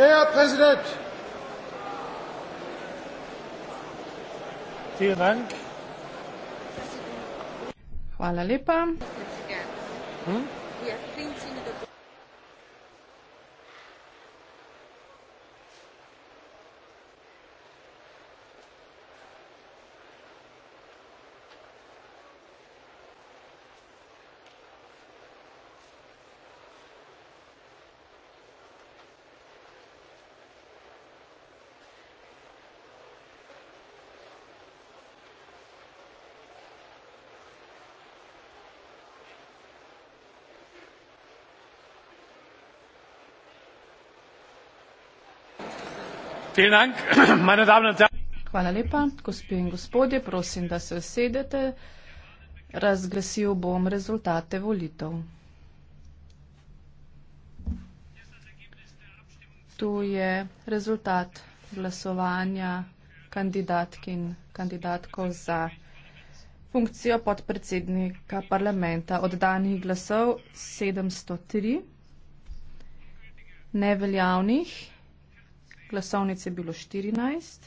Der Präsident. Vielen Dank. Hvala lepa. Hm? Hvala lepa. Gospe in gospodje, prosim, da se usedete. Razglasil bom rezultate volitev. Tu je rezultat glasovanja kandidatk in kandidatkov za funkcijo podpredsednika parlamenta. Oddanih glasov 703, neveljavnih glasovnic je bilo 14.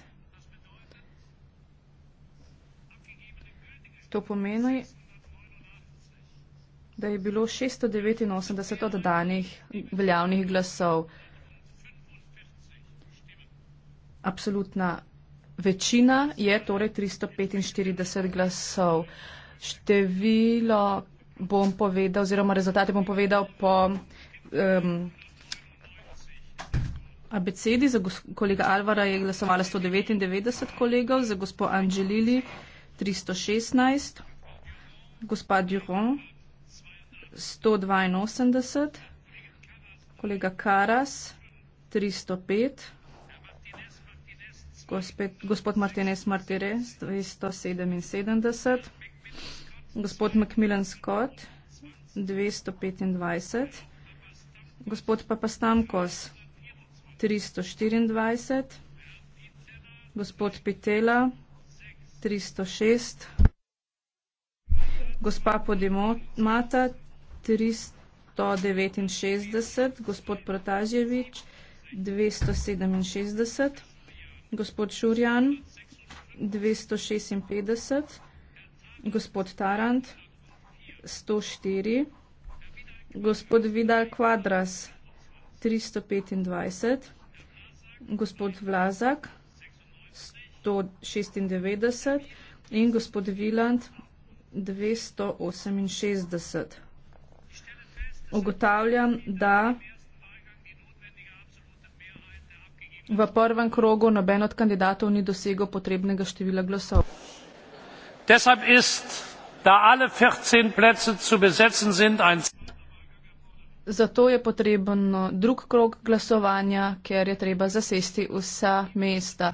To pomeni, da je bilo 689 oddanih veljavnih glasov. Absolutna večina je torej 345 glasov. Število bom povedal, oziroma rezultate bom povedal po um, abecedi, za kolega Alvara je glasovala 199 kolegov, za gospo Angelili 316, gospa Duron 182, kolega Karas 305, gospe, gospod Martinez Martire 277, gospod Macmillan Scott 225, gospod Papastamkos 225, 324, gospod Pitela 306, gospa Podimata 369, gospod Protaževič 267, gospod Šurjan 256, gospod Tarant 104, gospod Vidal Quadras 325, gospod Vlazak 196 in gospod Viland 268. Ugotavljam, da v prvem krogu noben od kandidatov ni dosegel potrebnega števila glasov. Deshalb ist, da alle 14 Plätze zu besetzen sind, ein Zato je potreben drug krok glasovanja, ker je treba zasesti vsa mesta.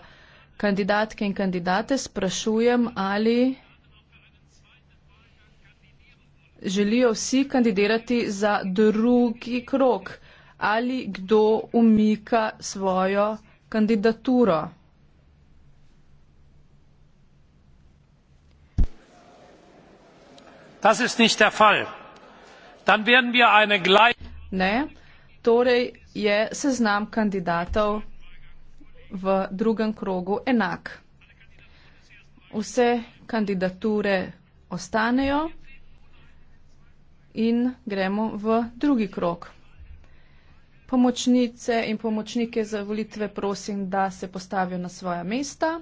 Kandidatke in kandidate sprašujem, ali želijo vsi kandidirati za drugi krok, ali kdo umika svojo kandidaturo. To ni fall. Ne, torej je seznam kandidatov v drugem krogu enak. Vse kandidature ostanejo in gremo v drugi krog. Pomočnice in pomočnike za volitve prosim, da se postavijo na svoja mesta.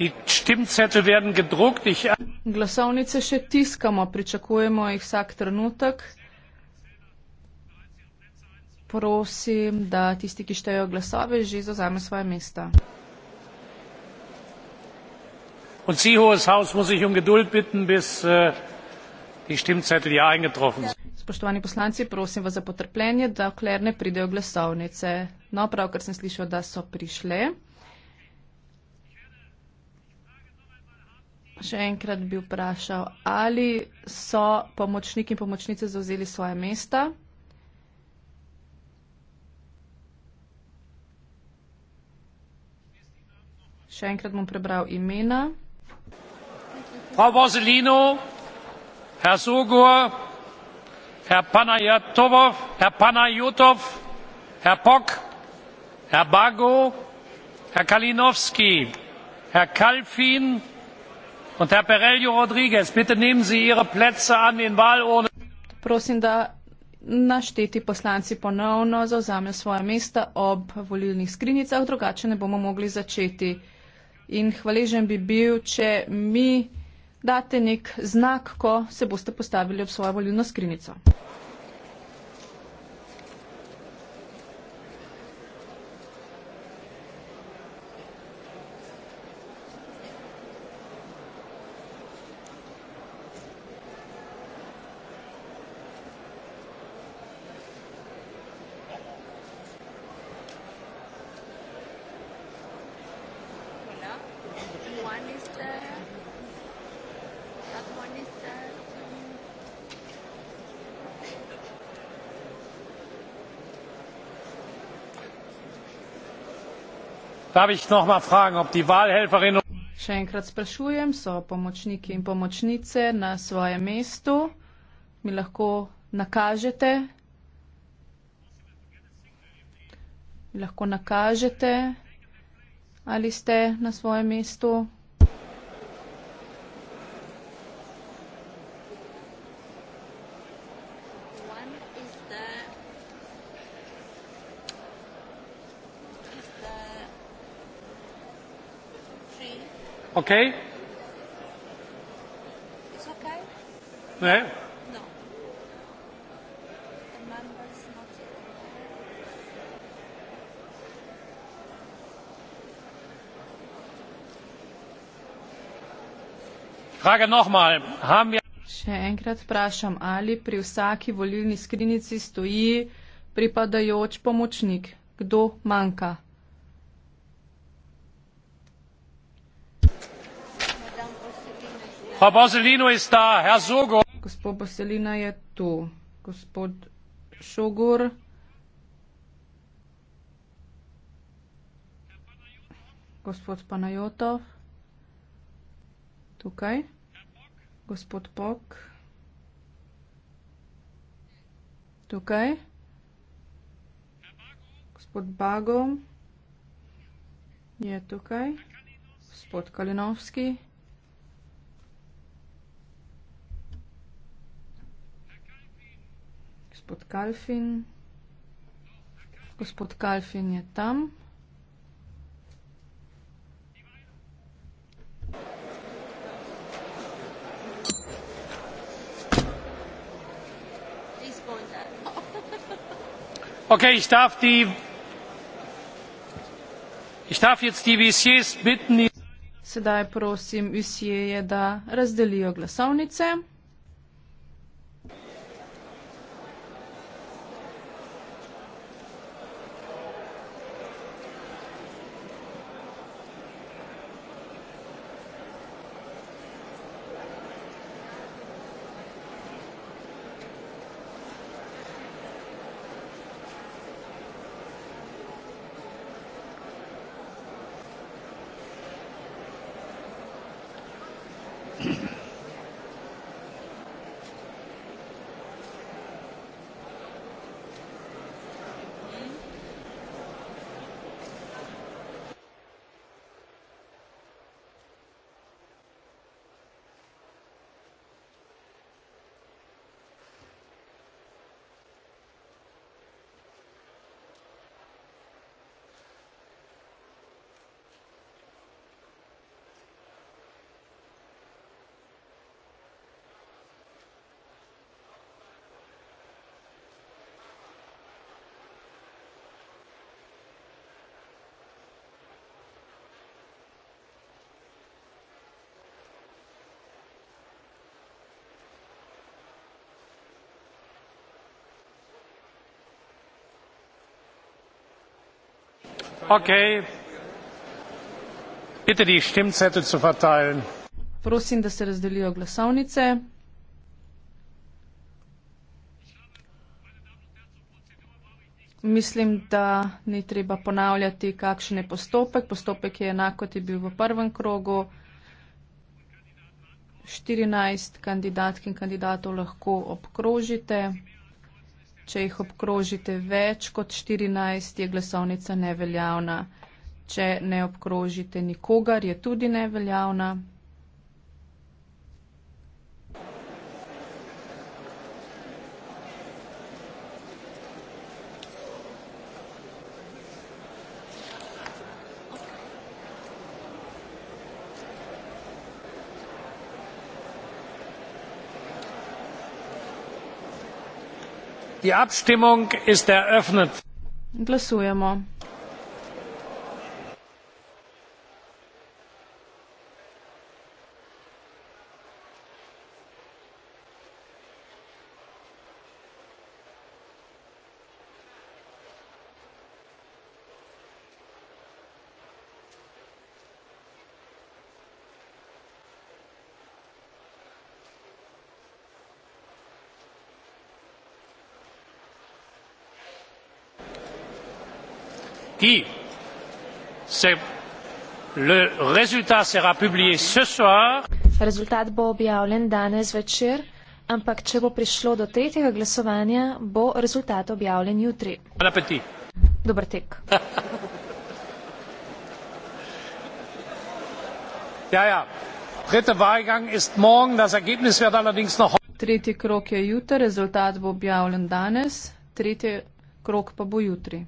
Die Stimmzettel werden gedruckt. Ich Glasovnice še tiskamo, pričakujemo jih vsak trenutek. Prosim, da tisti, ki štejejo glasove, že zauzame svoje mesta. Und Sie, hohes Haus, muss ich um Geduld bitten, bis äh, die Stimmzettel hier eingetroffen sind. Spoštovani poslanci, prosim vas za potrpljenje, dokler ne pridejo glasovnice. No, pravkar sem slišal, da so prišle. še enkrat bi vprašal, ali so pomočniki in pomočnice zauzeli svoje mesta? Še enkrat bom prebral imena. Frau Borsellino, Herr Sogur, Herr Panajotov, Herr Panajotov, Herr Pok, Herr Bago, Herr Kalinowski, Herr Kalfin, und herr perello rodrigues bitte nehmen sie ihre plätze an den wahlurnen. prosim da našteti poslanci ponovno zauzamejo svoja mesta ob volilnih skrinjicah drugače ne bomo mogli začeti in hvaležen bi bil če mi date nek znak ko se boste postavili ob svojo volilno skrinjico. Še enkrat sprašujem, so pomočniki in pomočnice na svojem mestu. Mi lahko nakažete, mi lahko nakažete ali ste na svojem mestu. Okay? It's okay? Nee? No. The members not Frage nochmal. Haben wir Še enkrat vprašam, ali pri vsaki volilni skrinici stoji pripadajoč pomočnik. Kdo manjka? Gospod Boselina je tu. Gospod Šogur. Gospod Panajotov. Tukaj. Gospod Pok. Tukaj. Gospod Bago je tukaj. Gospod Kalinovski. Gospod Kalinovski. gospod Kalfin. Gospod Kalfin je tam. Okay, ich darf die, ich darf jetzt die bitten, die Sedaj prosim visije, da razdelijo glasovnice. Prosim, da se razdelijo glasovnice. Mislim, da ni treba ponavljati, kakšen je postopek. Postopek je enako, kot je bil v prvem krogu. 14 kandidatk in kandidatov lahko obkrožite. Če jih obkrožite več kot 14, je glasovnica neveljavna. Če ne obkrožite nikogar, je tudi neveljavna. die abstimmung ist eröffnet. glasujemo. qui se Le rezultat sera publié ce soir. Rezultat bo objavljen danes večer, ampak če bo prišlo do tretjega glasovanja, bo rezultat objavljen jutri. Bon Dobar tek. ja, ja. Tretji Wahlgang ist morgen, das Ergebnis wird allerdings noch. Tretji krok je jutri, rezultat bo objavljen danes, tretji krok pa bo jutri.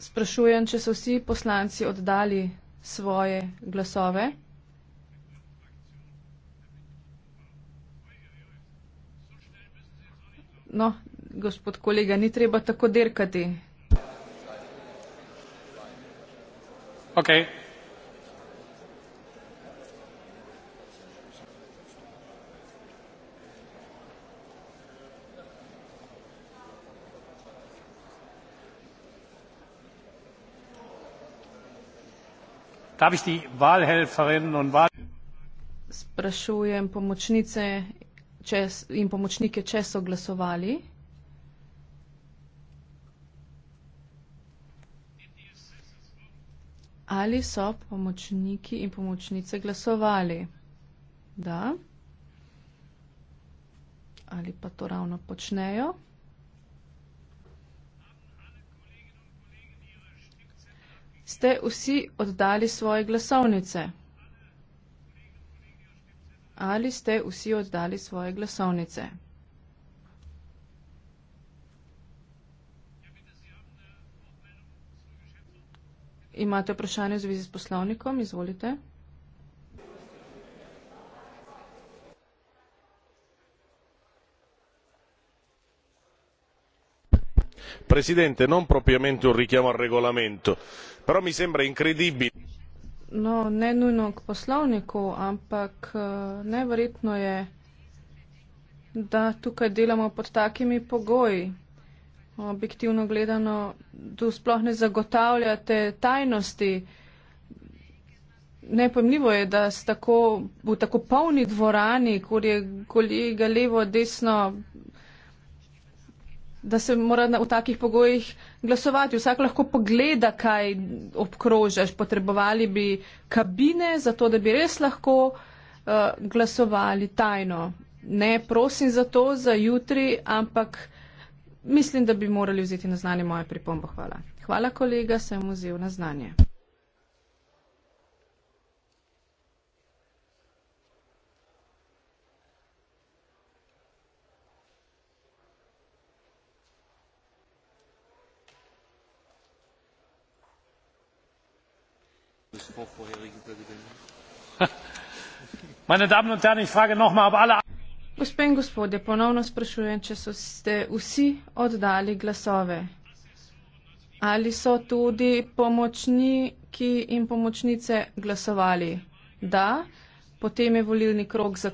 Sprašujem, če so vsi poslanci oddali svoje glasove. No, gospod kolega, ni treba tako dirkati. Okay. Darf ich die Wahlhelferinnen und Sprašujem pomočnice in pomočnike, če so glasovali. Ali so pomočniki in pomočnice glasovali? Da. Ali pa to ravno počnejo? ste vsi oddali svoje glasovnice? Ali ste vsi oddali svoje glasovnice? Imate vprašanje v zvezi s poslovnikom? Izvolite. presidente non propriamente un richiamo al regolamento però mi sembra incredibile no ne nujno k poslovniku ampak eh, neverjetno je da tukaj delamo pod takimi pogoji objektivno gledano tu sploh ne zagotavljate tajnosti Nepojmljivo je, da ste tako, v tako polni dvorani, kjer je kolega levo, desno, da se mora na, v takih pogojih glasovati. Vsak lahko pogleda, kaj obkrožaš. Potrebovali bi kabine, zato da bi res lahko uh, glasovali tajno. Ne prosim za to, za jutri, ampak mislim, da bi morali vzeti na znanje moje pripombo. Hvala. Hvala, kolega, sem vzel na znanje. Gospe in gospode, ponovno sprašujem, če so ste vsi oddali glasove. Ali so tudi pomočniki in pomočnice glasovali? Da, potem je volilni krok zaključen.